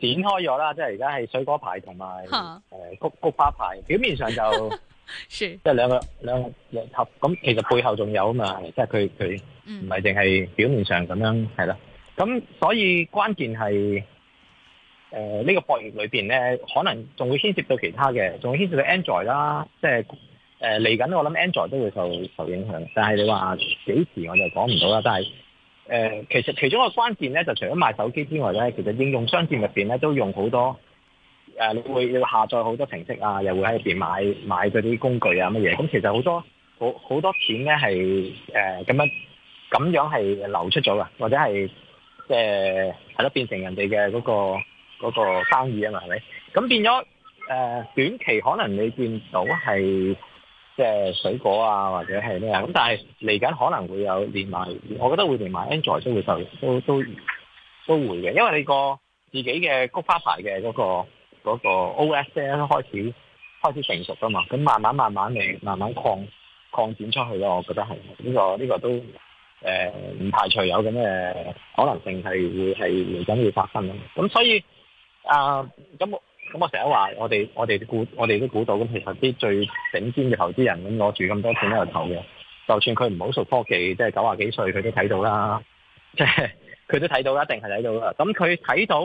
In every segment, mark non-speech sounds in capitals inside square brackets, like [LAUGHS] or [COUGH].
展開咗啦，即係而家係水果牌同埋誒，菊菊花牌，表面上就 [LAUGHS] 即係兩個兩個兩盒，咁其實背後仲有啊嘛，即係佢佢唔係淨係表面上咁樣係啦，咁所以關鍵係誒呢個博弈裏邊咧，可能仲會牽涉到其他嘅，仲會牽涉到 Android 啦，即係誒嚟緊我諗 Android 都會受受影響，但係你話幾時我就講唔到啦，但係。誒、呃，其實其中一個關鍵咧，就除咗賣手機之外咧，其實應用商店入邊咧都用好多誒，呃、你會要下載好多程式啊，又會喺入邊買買嗰啲工具啊乜嘢。咁、嗯、其實好多好好多錢咧係誒咁樣咁樣係流出咗噶，或者係即係係咯變成人哋嘅嗰個嗰個生意啊嘛，係咪？咁變咗誒、呃、短期可能你見到係。即係水果啊，或者係咩啊，咁但係嚟緊可能會有連埋，我覺得會連埋 Android 都會受，都都都會嘅，因為你個自己嘅菊花牌嘅嗰個嗰個 OS 咧開始開始成熟啊嘛，咁慢慢慢慢嚟，慢慢擴擴展出去咯，我覺得係呢個呢個都誒唔排除有咁嘅可能性係會係嚟緊會發生咯，咁所以啊咁。呃咁我成日話，我哋我哋估我哋都估到，咁其實啲最頂尖嘅投資人，咁攞住咁多錢喺度投嘅，就算佢唔好熟科技，即係九廿幾歲，佢都睇到啦，即係佢都睇到啦，一定係睇到啦。咁佢睇到，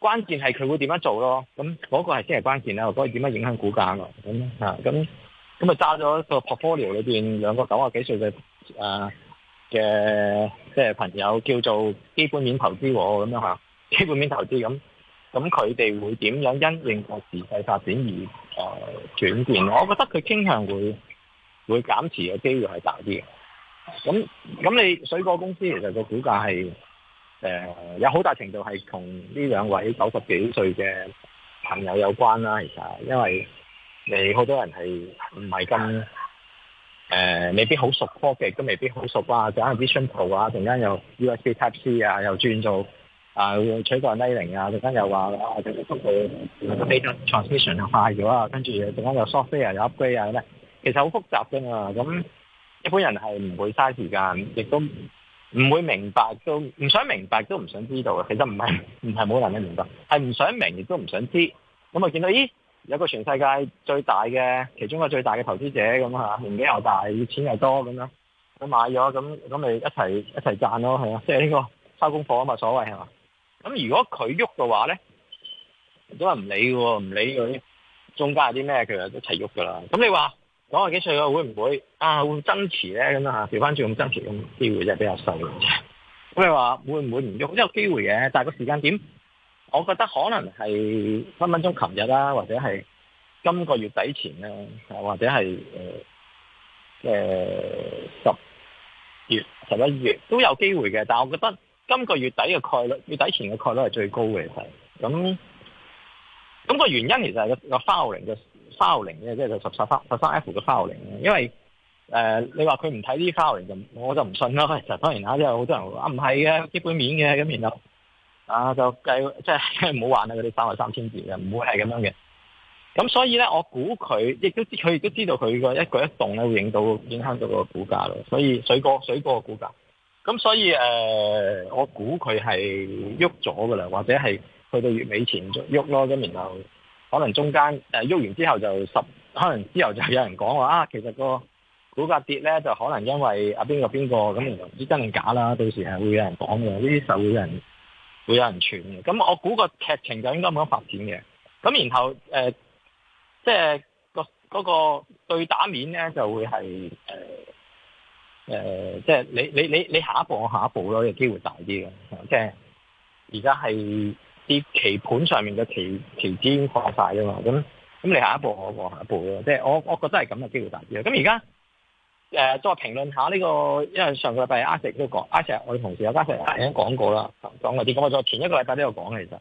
關鍵係佢會點樣做咯。咁嗰個係先係關鍵啦，嗰個點樣影響股價咯。咁啊，咁咁啊，揸咗個 portfolio 裏邊兩個九廿幾歲嘅呃嘅即係朋友，叫做基本面投資喎。咁樣嚇，基本面投資咁。咁佢哋會點樣因應個時勢發展而、呃、轉變？我覺得佢傾向會會減持嘅機會係大啲嘅。咁咁，你水果公司其實個股價係、呃、有好大程度係同呢兩位九十幾歲嘅朋友有關啦。其實，因為你好多人係唔係咁、呃、未必好熟科技，都未必好熟啊，就係 Vision Pro 啊，陣間又 USB Type C 啊，又轉做。啊！取個拉零啊！陣間又話啊，政府佢個 data transaction 又快咗啊！跟住陣間又 software 又 upgrade 咁咧，其實好複雜嘅嘛。咁一般人係唔會嘥時間，亦都唔會明白，都唔想明白，都唔想知道。其實唔係唔係冇能力明白，係唔想明亦都唔想知。咁啊，見到咦有個全世界最大嘅其中個最大嘅投資者咁啊。年紀又大，錢又多咁樣，咁買咗咁咁咪一齊一齊賺咯，係啊，即係呢個收功課啊嘛，所謂係嘛。咁如果佢喐嘅話咧，都係唔理喎。唔理佢中間有啲咩，其實都一齊喐噶啦。咁你話九廿幾歲嘅會唔會啊？會增持咧咁啊？調翻轉咁增持咁機會真係比較細。咁你話會唔會唔喐？都有機會嘅，但係個時間點，我覺得可能係分分鐘琴日啦，或者係今個月底前啦，啊，或者係誒誒十月十一月都有機會嘅。但係我覺得。今個月底嘅概率，月底前嘅概率係最高嘅，係咁。咁、個原因其實係個個三六零嘅三六零嘅，即係個十三三十三 F 嘅三六零。因為誒、呃，你話佢唔睇啲三六零就，我就唔信咯。其實當然啦，即係好多人話唔係嘅，基本面嘅咁，然後啊就計即係唔好玩啦，嗰啲三萬三千字嘅，唔會係咁樣嘅。咁所以咧，我估佢亦都知，佢亦都知道佢個一舉一動咧會影到影響到個股價咯。所以水果水果嘅股價。咁所以誒、呃，我估佢係喐咗噶啦，或者係去到月尾前喐咯，咁然後可能中間誒喐完之後就十，可能之後就有人講話啊，其實、個股價跌咧，就可能因為啊邊個邊個咁，然後唔知真定假啦。到時係會有人講嘅，呢啲事會有人會有人傳嘅。咁我估個劇情就應該冇得發展嘅。咁然後誒，即、呃、係、個嗰、個對打面咧，就會係誒誒、呃，即係你你你你下一步我下一步咯，嘅機會大啲嘅。即係而家係啲棋盤上面嘅棋棋子已經放晒㗎嘛。咁咁你下一步我我下一步咯。即係我我覺得係咁嘅機會大啲。咁而家誒再評論下呢個，因為上個禮拜阿石都講，阿 [LAUGHS] 石我哋同事阿已欣講過啦，講過啲。咁我再前一個禮拜都有講，其實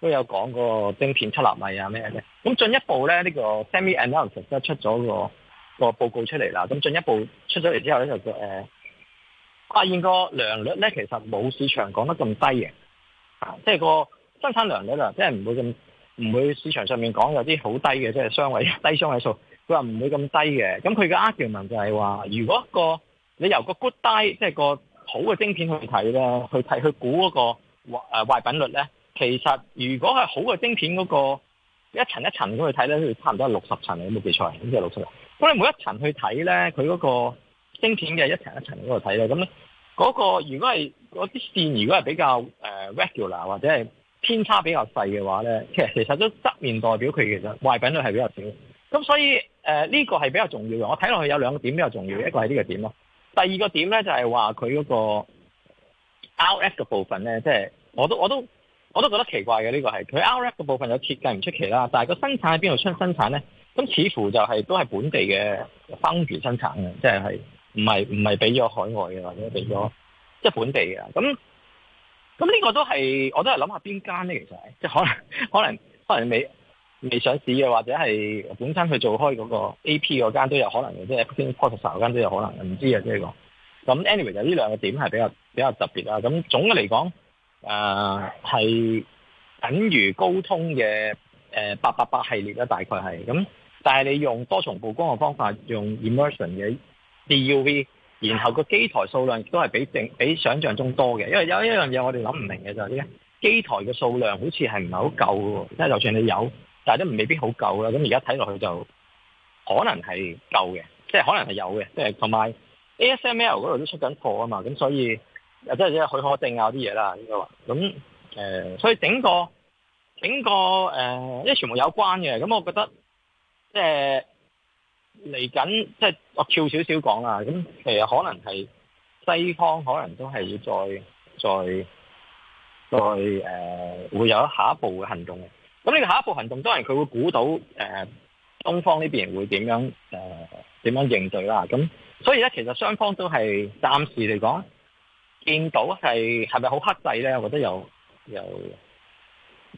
都有講個晶片七納米啊咩嘅。咁進一步咧，呢個 SemiAnalysis 都出咗個。個報告出嚟啦，咁進一步出咗嚟之後咧，就誒、是呃、發現個良率咧，其實冇市場講得咁低嘅，啊，即、就、係、是、個生產良率啊，即係唔會咁唔會市場上面講有啲好低嘅，即係雙位低雙位數，佢話唔會咁低嘅。咁佢嘅 e n 文就係話，如果一個你由一個 good die，即係個好嘅晶片去睇咧，去睇去估嗰個壞誒壞品率咧，其實如果係好嘅晶片嗰、那個一層一層咁去睇咧，差唔多係六十層，你有冇記錯？咁即係六十咁你每一層去睇咧，佢嗰個晶片嘅一層一層嗰度睇咧，咁咧嗰個如果係嗰啲線，如果係比較 regular 或者係偏差比較細嘅話咧，其實其實都側面代表佢其實壞品率係比較少。咁所以誒呢、呃這個係比較重要嘅。我睇落去有兩個點比較重要，一個係呢個點咯。第二個點咧就係話佢嗰個 RF 嘅部分咧，即係我都我都我都覺得奇怪嘅。呢個係佢 RF 嘅部分有設計唔出奇啦，但係個生產喺邊度出生產咧？咁似乎就係、是、都係本地嘅生源生產嘅，即係係唔係唔係俾咗海外嘅，或者俾咗即係本地嘅。咁咁呢個都係我都係諗下邊間咧，其實即係可能可能可能未未上市嘅，或者係本身佢做開嗰個 A P 嗰間都有可能嘅，即係 a p p l o p o s 嗰間都有可能唔知啊，即、這、係個咁。Anyway，就呢兩個點係比較比較特別啦。咁總嘅嚟講，誒、呃、係等於高通嘅誒八八八系列啦，大概係咁。但係你用多重曝光嘅方法，用 immersion 嘅 DUV，然後個機台數量亦都係比正比想象中多嘅。因為有一樣嘢我哋諗唔明嘅就係呢：機台嘅數量好似係唔係好夠嘅，即係就算你有，但係都未必好夠啦。咁而家睇落去就可能係夠嘅，即係可能係有嘅。即係同埋 ASML 嗰度都出緊貨啊嘛，咁所以即係即係許可證啊啲嘢啦，應該話咁誒，所以整個整個誒，因為全部有關嘅，咁我覺得。即係嚟緊，即係我跳少少講啦。咁其實可能係西方，可能都係會再再再誒、呃，會有下一步嘅行動。咁呢個下一步行動，當然佢會估到誒、呃，東方呢邊會點樣誒，點樣、呃、點樣應對啦。咁所以咧，其實雙方都係暫時嚟講，見到係係咪好克制咧？我覺得有有。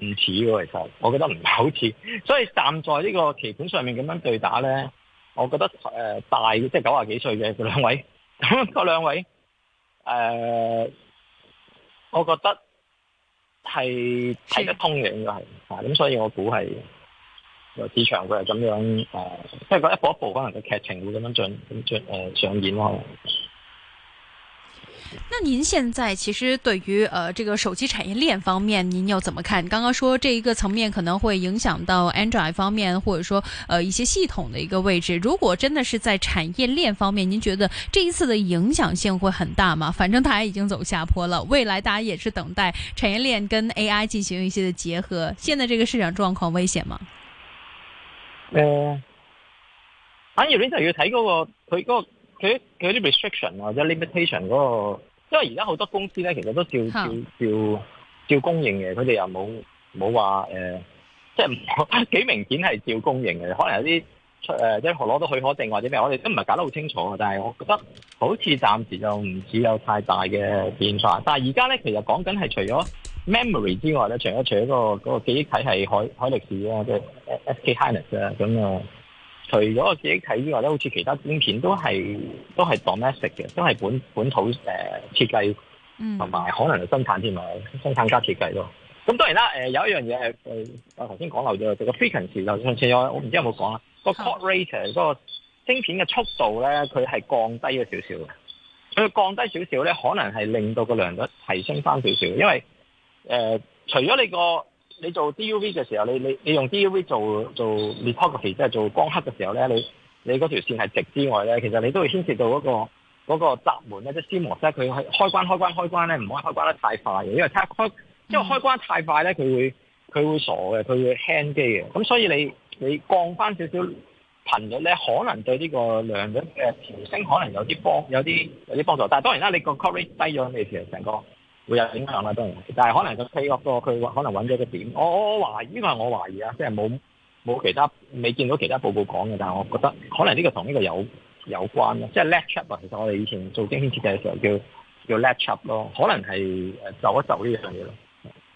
唔似喎，其實我覺得唔係好似，所以站在呢個棋盤上面咁樣對打呢，我覺得、呃、大即係九廿幾歲嘅嗰兩位，咁嗰兩位誒、呃，我覺得係睇得通嘅，應該係咁，所以我估係個市場佢係咁樣即係個一步一步可能個劇情會咁樣進進上、呃、上演咯。那您現在其實對於呃這個手機產業鏈方面，您又怎麼看？剛剛說這一個層面可能會影響到 Android 方面，或者說呃一些系統的一個位置。如果真的是在產業鏈方面，您覺得這一次的影響性會很大嗎？反正大家已經走下坡了，未來大家也是等待產業鏈跟 AI 進行一些的結合。現在這個市場狀況危險嗎？呃，反正你就要睇嗰個佢嗰個。佢佢啲 restriction 或者 limitation 嗰個，因為而家好多公司咧，其實都照照照照供應嘅，佢哋又冇冇話即係幾明顯係照供應嘅，可能有啲出、呃、即係攞到許可證或者咩，我哋都唔係搞得好清楚啊。但係我覺得好似暫時就唔至有太大嘅變化。但係而家咧，其實講緊係除咗 memory 之外咧，除咗除咗、嗰個嗰個記憶體係海海力士啊，即係 SK 海力士啊，咁、呃、啊。除咗個記憶體以外咧，好似其他晶片都係都係 domestic 嘅，都係本本土誒、呃、設計，同埋可能生產添嘛，生產加設計咯。咁當然啦、呃，有一樣嘢係、呃、我頭先講漏咗，就個、是、frequency，就上次我我唔知有冇講啦，個 core rate 嗰個晶片嘅速度咧，佢係降低咗少少嘅。佢降低少少咧，可能係令到個良率提升返少少，因為誒、呃、除咗你個。你做 DUV 嘅時候，你你你用 DUV 做做 lithography 即係做光刻嘅時候咧，你你嗰條線係直之外咧，其實你都會牽涉到嗰個嗰個閘門咧，即係 CMOS 咧，佢係開關開關開關咧，唔可以開關得太快嘅，因為開，因為開關太快咧，佢會佢會傻嘅，佢會 hang 機嘅，咁所以你你降翻少少頻率咧，你可能對呢個良率嘅調升可能有啲幫有啲有啲幫助，但係當然啦，你個 code rate 低咗咩事啊？成個。會有影響啦，當然，但係可能、嗰個 PLO 佢可能搵咗個點，我我我懷疑，係我懷疑啊，即係冇冇其他未見到其他報告講嘅，但係我覺得可能呢個同呢個有有關咯，即係 latch up，其實我哋以前做精選設計嘅時候叫叫 latch up 咯，可能係誒就一就呢樣嘢咯。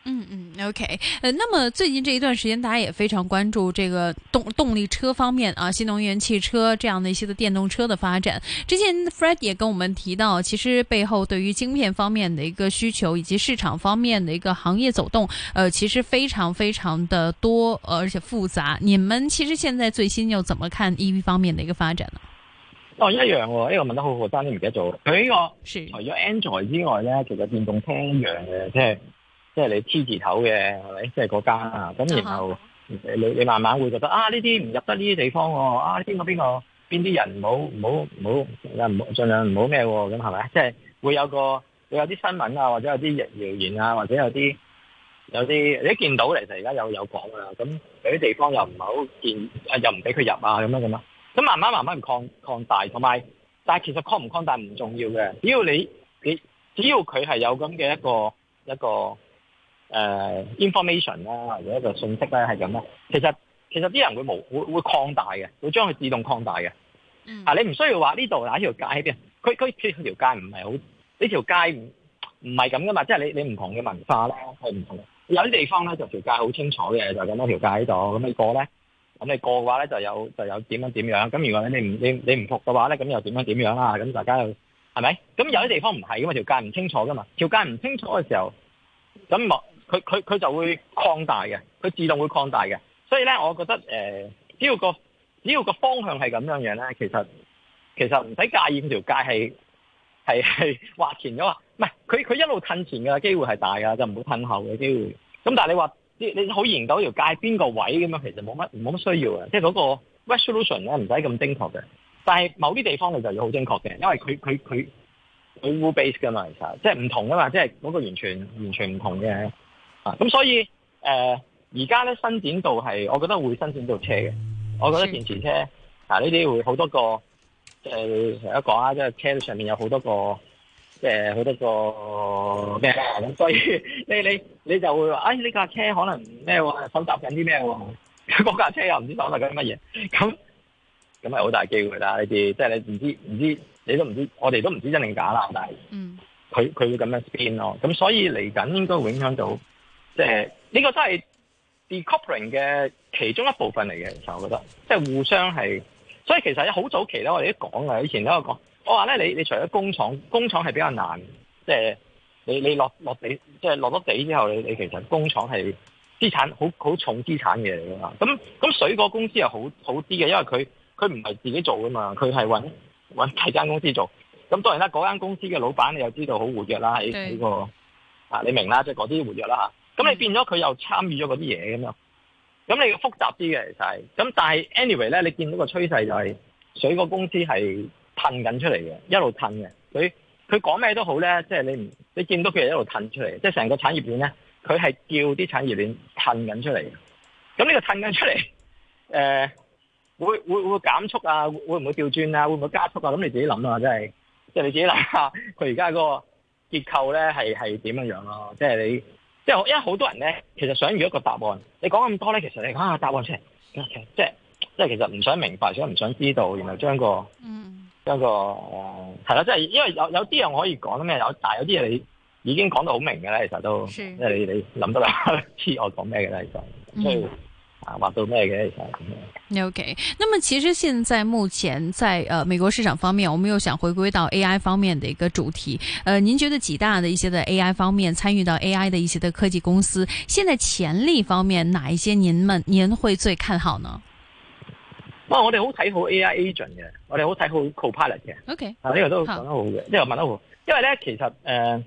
嗯嗯，OK，呃，那麼最近這一段時間，大家也非常關注這個動動力車方面啊，新能源汽車這樣的一些的電動車的發展。之前 Fred 也跟我們提到，其實背後對於晶片方面的一個需求，以及市場方面的一個行業走動，呃，其實非常非常的多，而且複雜。你們其實現在最新又怎麼看 EV 方面的一個發展呢？哦，一樣、哦，呢、這個問得好，但係你唔記得做。佢呢個是除咗 Android 之外呢，其實電動車一樣嘅，即係。即係你 T 字頭嘅，係咪？即係嗰間啊。咁然後你你慢慢會覺得啊，呢啲唔入得呢啲地方喎。啊，邊個邊個邊啲人唔好唔好唔好啊，唔好盡量唔好咩喎？咁係咪？即係會有個會有啲新聞啊，或者有啲謠謠言啊，或者有啲有啲你一見到嚟就而家有有講㗎啦。咁有啲地方又唔好見啊，又唔俾佢入啊，咁樣咁樣啊。咁慢慢慢慢擴擴大，同埋但係其實擴唔擴大唔重要嘅，只要你你只要佢係有咁嘅一個一個。誒、uh，information 啦，啊，或者一個信息咧係咁啦。其實其實啲人會無會會擴大嘅，會將佢自動擴大嘅。啊、嗯，你唔需要話呢度呢條街喺邊？佢佢其實條街唔係好，呢條街唔係係咁噶嘛。即係你你唔同嘅文化咧係唔同嘅。有啲地方咧就條街好清楚嘅，就咁多條街喺度。咁你過咧，咁你過嘅話咧就有就有點樣點樣。咁如果你你唔你你唔服嘅話咧，咁又點樣點樣啦？咁大家又係咪？咁有啲地方唔係，咁嘛，條街唔清楚噶嘛。條街唔清楚嘅時候，咁佢佢佢就會擴大嘅，佢自動會擴大嘅。所以咧，我覺得誒、呃，只要個只要個方向係咁樣樣咧，其實其實唔使介意條界係係係劃前咗話。唔係，佢佢一路褪前嘅機會係大噶，就唔好褪後嘅機會。咁但係你話你你好研究條界邊個位咁樣，其實冇乜冇乜需要嘅，即係嗰個 resolution 咧唔使咁精確嘅。但係某啲地方你就要好精確嘅，因為佢佢佢佢 base 㗎嘛，其實即係唔同㗎嘛，即係嗰個完全完全唔同嘅。咁所以，誒而家咧伸展到係，我覺得會伸展到車嘅。我覺得電池車，嗱呢啲會好多個，誒成日講啊，即係車上面有好多個，即係好多個咩。咁所以你你你就會話，誒呢架車可能咩收集緊緊啲咩喎？嗰架車又唔知收集緊緊乜嘢？咁咁係好大機會啦！呢啲即係你唔知唔、就是、知，知，你都唔知，我哋都唔知真定假啦。但係，佢、嗯、佢會咁樣 spin 咯。咁所以嚟緊應該會影響到。即係呢個都係 decoupling 嘅其中一部分嚟嘅，其實我覺得即係、就是、互相係，所以其實好早期咧，我哋都講嘅，以前都有講，我話咧，你你除咗工廠，工廠係比較難，即、就、係、是、你你落落地，即、就、係、是、落咗地之後，你你其實工廠係資產好好重資產嘢嚟噶嘛，咁咁水果公司係好好啲嘅，因為佢佢唔係自己做噶嘛，佢係搵搵替間公司做，咁當然啦，嗰間公司嘅老闆你又知道好活躍啦，喺喺個啊，你明啦，即係嗰啲活躍啦吓。咁你變咗佢又參與咗嗰啲嘢咁咯，咁你複雜啲嘅其實係，咁但係 anyway 咧，你見到個趨勢就係、是、水果公司係噴緊出嚟嘅，一路噴嘅，佢佢講咩都好咧，即、就、係、是、你唔你見到佢係一路噴出嚟，即係成個產業鏈咧，佢係叫啲產業鏈噴緊出嚟嘅。咁呢個噴緊出嚟，誒、呃、會會會減速啊？會唔會掉轉啊？會唔會加速啊？咁你自己諗呀，即係，即係你自己諗下佢而家嗰個結構咧係係點樣樣咯？即、就是、你。即係因為好多人咧，其實想預一個答案。你講咁多咧，其實你講下、啊、答案先，即係即係其實唔想明白，想唔想知道，然後將個、嗯、將個誒係啦。即、嗯、係因為有有啲人可以講咩有，但係有啲嘢你已經講到好明嘅咧。其實都即係你你諗得啦，知我講咩嘅咧，其實。所以嗯啊，話到咩嘅？OK，那麼其實現在目前在誒、呃、美國市場方面，我們又想回歸到 AI 方面的一個主題。誒、呃，您覺得幾大的一些的 AI 方面參與到 AI 的一些的科技公司，現在潛力方面，哪一些您們您會最看好呢？哇、哦，我哋好睇好 AI agent 嘅，我哋好睇好 Copilot 嘅。OK，啊呢、這個都講得好嘅，呢、okay. 個問得好。因為咧，其實誒成、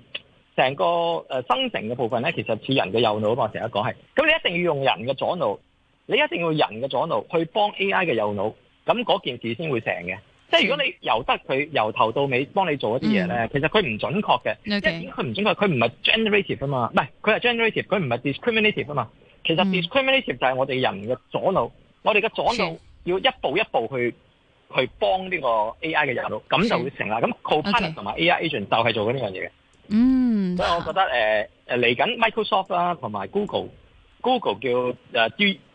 呃、個誒、呃、生成嘅部分咧，其實似人嘅右腦嘛，我成日講係，咁你一定要用人嘅左腦。你一定要人嘅左腦去幫 AI 嘅右腦，咁嗰件事先會成嘅。即係如果你由得佢由頭到尾幫你做一啲嘢咧，其實佢唔準確嘅。即係佢唔準確，佢唔係 generative 啊嘛，唔係佢係 generative，佢唔係 discriminative 啊嘛。其實 discriminative 就係我哋人嘅左腦，我哋嘅左腦要一步一步去、okay. 去幫呢個 AI 嘅右腦，咁就會成啦。咁 Copilot 同埋 AI Agent 就係做緊呢樣嘢嘅。嗯，所以我覺得嚟緊、呃、Microsoft 啦、啊，同埋 Google，Google 叫、呃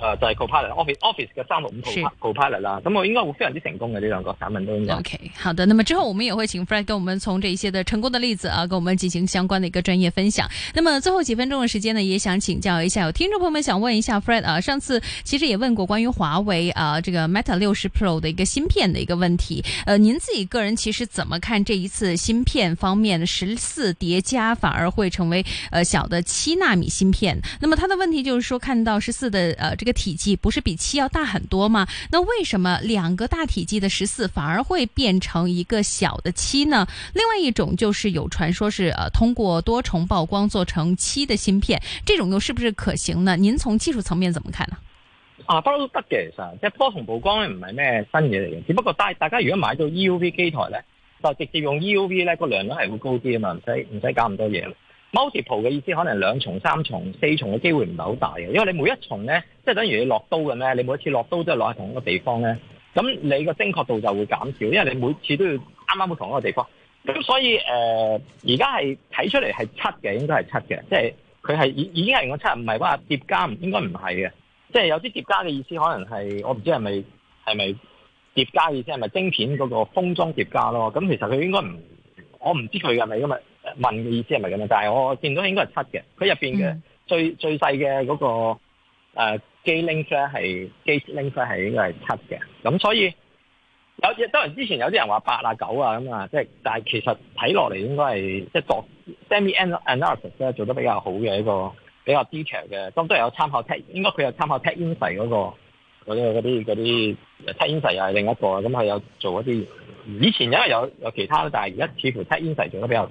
呃，就係、是、co-pilot office office 嘅三六五 co co-pilot 啦，咁我應該會非常之成功嘅呢兩個產品都。OK，好的，那麼之後我們也會請 Fred 跟我們從這一些的成功的例子啊，跟我們進行相關的一個專業分享。那麼最後幾分鐘的時間呢，也想請教一下有聽眾朋友們，想問一下 Fred 啊，上次其實也問過關於華為啊，這個 Mate 六十 Pro 的一個芯片的一個問題。呃、啊，您自己個人其實怎麼看這一次芯片方面十四疊加反而會成為呃、啊、小的七納米芯片？那麼他的問題就是說看到十四的呃、啊這個體積不是比七要大很多嗎？那為什麼兩個大體積的十四反而會變成一個小的七呢？另外一種就是有傳說是，呃、啊，通過多重曝光做成七的芯片，這種又是不是可行呢？您從技術層面怎麼看呢？啊，不過都得嘅，其實即係多重曝光咧唔係咩新嘢嚟嘅，只不過大大家如果買到 EUV 機台咧，就直接用 EUV 咧個量都係會高啲啊嘛，唔使唔使搞咁多嘢。Multiple 嘅意思可能兩重、三重、四重嘅機會唔係好大嘅，因為你每一重咧，即係等於你落刀嘅咩？你每一次落刀都係落喺同一個地方咧，咁你個精確度就會減少，因為你每次都要啱啱好同一個地方。咁所以誒，而家係睇出嚟係七嘅，應該係七嘅，即係佢係已已經係個七，唔係話疊加，唔應該唔係嘅。即係有啲疊加嘅意，意思，可能係我唔知係咪係咪疊加意思，係咪晶片嗰個封裝疊加咯？咁其實佢應該唔，我唔知佢係咪咁啊。問嘅意思係咪咁樣？但係我見到應該係七嘅，佢入邊嘅最、嗯、最細嘅嗰個誒、呃、基 link 咧係基 link 咧係應該係七嘅。咁所以有當然之前有啲人話八啊九啊咁啊，即係但係其實睇落嚟應該係即係作 SemiAnalysis 咧做得比較好嘅一個比較 detail 嘅，咁都係有參考 Tech。應該佢有參考 TechInsights、那、嗰個嗰啲嗰啲嗰啲 TechInsights 又係另一個啊。咁佢有做一啲以前因為有有其他啦，但係而家似乎 TechInsights 做得比較。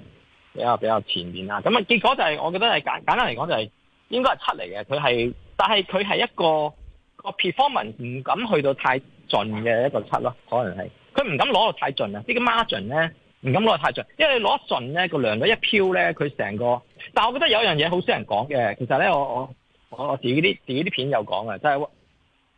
比較比較前面啦，咁啊結果就係、是，我覺得係簡簡單嚟講就係、是，應該係七嚟嘅，佢係，但係佢係一個一個 performance 唔敢去到太盡嘅一個七咯，可能係，佢唔敢攞到太盡啊，呢個 margin 咧唔敢攞到太盡，因為你攞盡咧個量咧一飄咧，佢成個，但係我覺得有樣嘢好少人講嘅，其實咧我我我我自己啲自己啲片有講嘅，就係、是，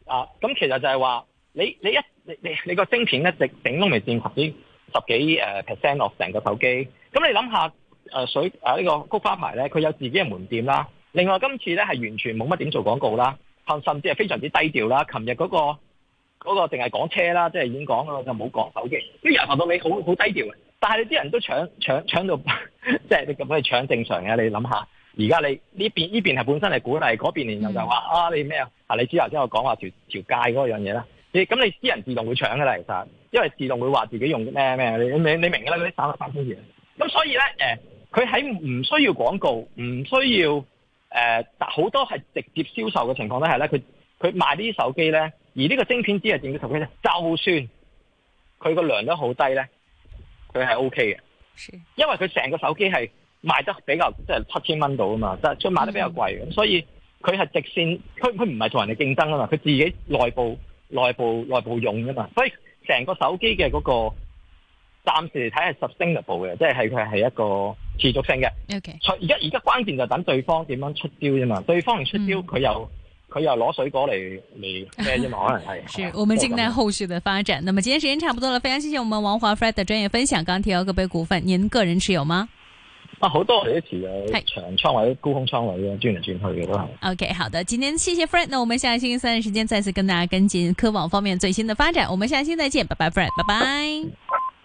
啊，咁其實就係話，你你一你你你個晶片呢，一直頂都未佔十十幾誒 percent 落成個手機，咁你諗下。誒、呃、水誒呢、啊這個菊花牌咧，佢有自己嘅門店啦。另外今次咧係完全冇乜點做廣告啦，甚至係非常之低調啦。琴日嗰個嗰、那個淨係講車啦，即係已經講啦，就冇講手機，啲人話到你好好低調。但係啲人都搶搶搶到，即 [LAUGHS] 係你咁嘅搶正常嘅。你諗下，而家你呢邊呢邊係本身係鼓勵，嗰邊然後就話啊你咩啊？你啊你知頭先我講話條條街嗰樣嘢啦。你咁你啲人自動會搶噶啦，其實因為自動會話自己用咩咩，你你你明㗎啦嗰啲三十三千咁所以咧誒。呃佢喺唔需要廣告，唔需要誒，好多係直接銷售嘅情況咧，係咧，佢佢賣啲手機咧，而呢個晶片只係整啲手機咧，就算佢個量都好低咧，佢係 OK 嘅，因為佢成個手機係賣得比較即係七千蚊度啊嘛，即係賣得比較貴，所以佢係直線，佢佢唔係同人哋競爭啊嘛，佢自己內部內部內部，內部用啊嘛，所以成個手機嘅嗰個暫時嚟睇係 sustainable 嘅，即係係佢係一個。持續性嘅，而家而家關鍵就等對方點樣出招啫嘛，對方唔出招，佢、嗯、又佢又攞水果嚟嚟咩啫嘛。 [LAUGHS] 可能係。 [LAUGHS] 是我們靜待後續的發展。那麼今天時間差不多了，非常謝謝我們王華 Fred 的專業分享。剛提到科杯股份，您個人持有嗎？啊，好多都持有，係長倉位、高空倉位嘅，轉嚟轉去嘅都係。OK，好的，今天謝謝 Fred。那我們下個星期三嘅時間再次跟大家跟進科網方面最新的發展。我們下星期再見，拜拜，Fred，拜拜。 [LAUGHS]